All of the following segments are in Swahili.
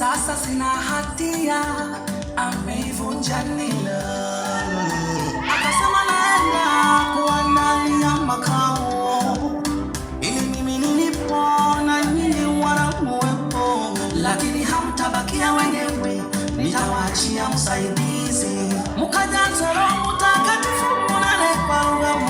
sasa sina hatia, ameivunja nila. Akasema naenda kuwa ya makao, ili mimi na nyinyi wanamuwepo, lakini hamtabakia wenyewe, nitawaachia msaidizi, mukaja mutakatifu Mtakatifu mnane kwa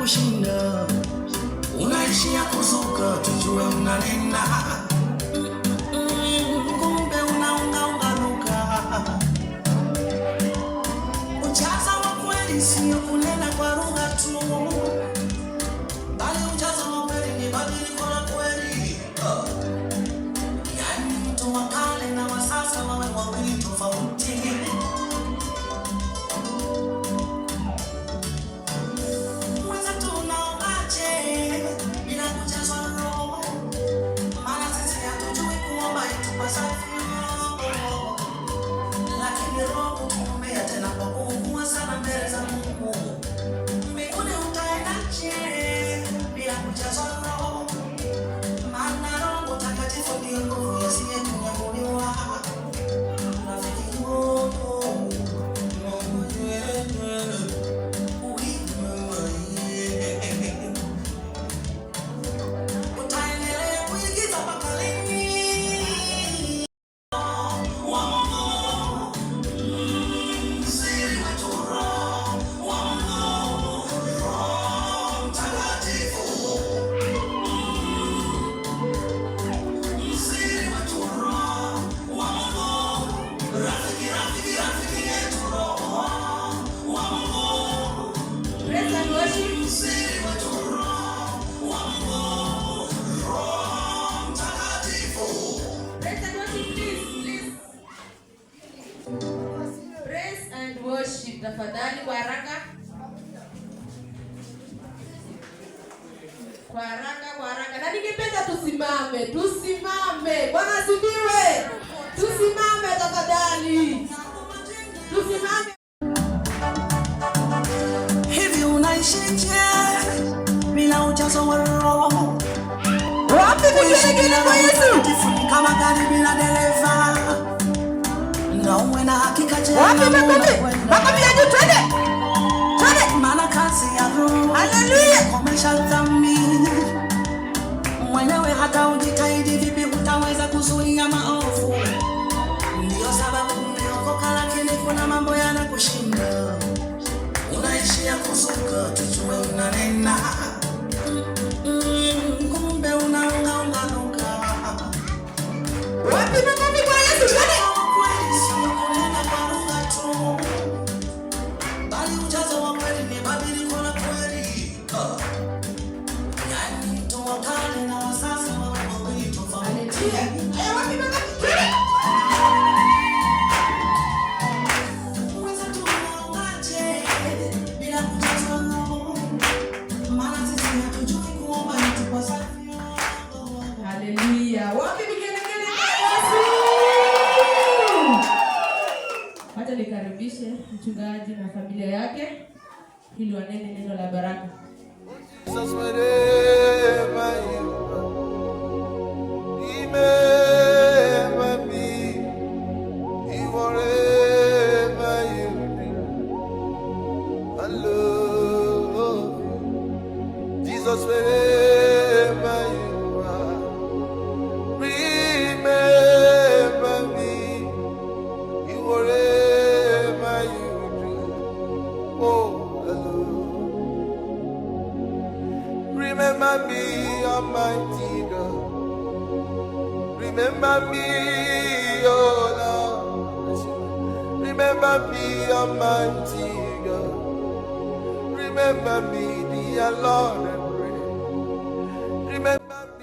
kushinda, unaishia kuzuka, tujue mnanena. Mm, kumbe unaungaungaruka. Ujaza sio kunena kwa lugha tu. Tafadhali kwa haraka, kwa haraka, kwa haraka. Na ningependa tusimame, tusimame. Bwana asifiwe. Tusimame tafadhali, tusimame. Hivi unaishije bila ujazo wa Roho? Wapi kujielekeza kwa Yesu? Kama gari bila dereva na uwe na hakika jema. Wapi makofi? Makofi yetu twende. Twende. Maana kazi ya Roho. Haleluya. Komesha dhambi. Mwenyewe hata ujitahidi vipi utaweza kuzuia maovu. Ndio sababu umeokoka lakini kuna mambo yanakushinda. Unaishia kuzuka, tujue unanena. Hata nikaribishe mchungaji na familia yake ili wanene neno la baraka. Jesus, Remember me, Almighty God. Remember me, oh Lord. Remember me, Almighty God. Remember me, dear Lord, and pray. Remember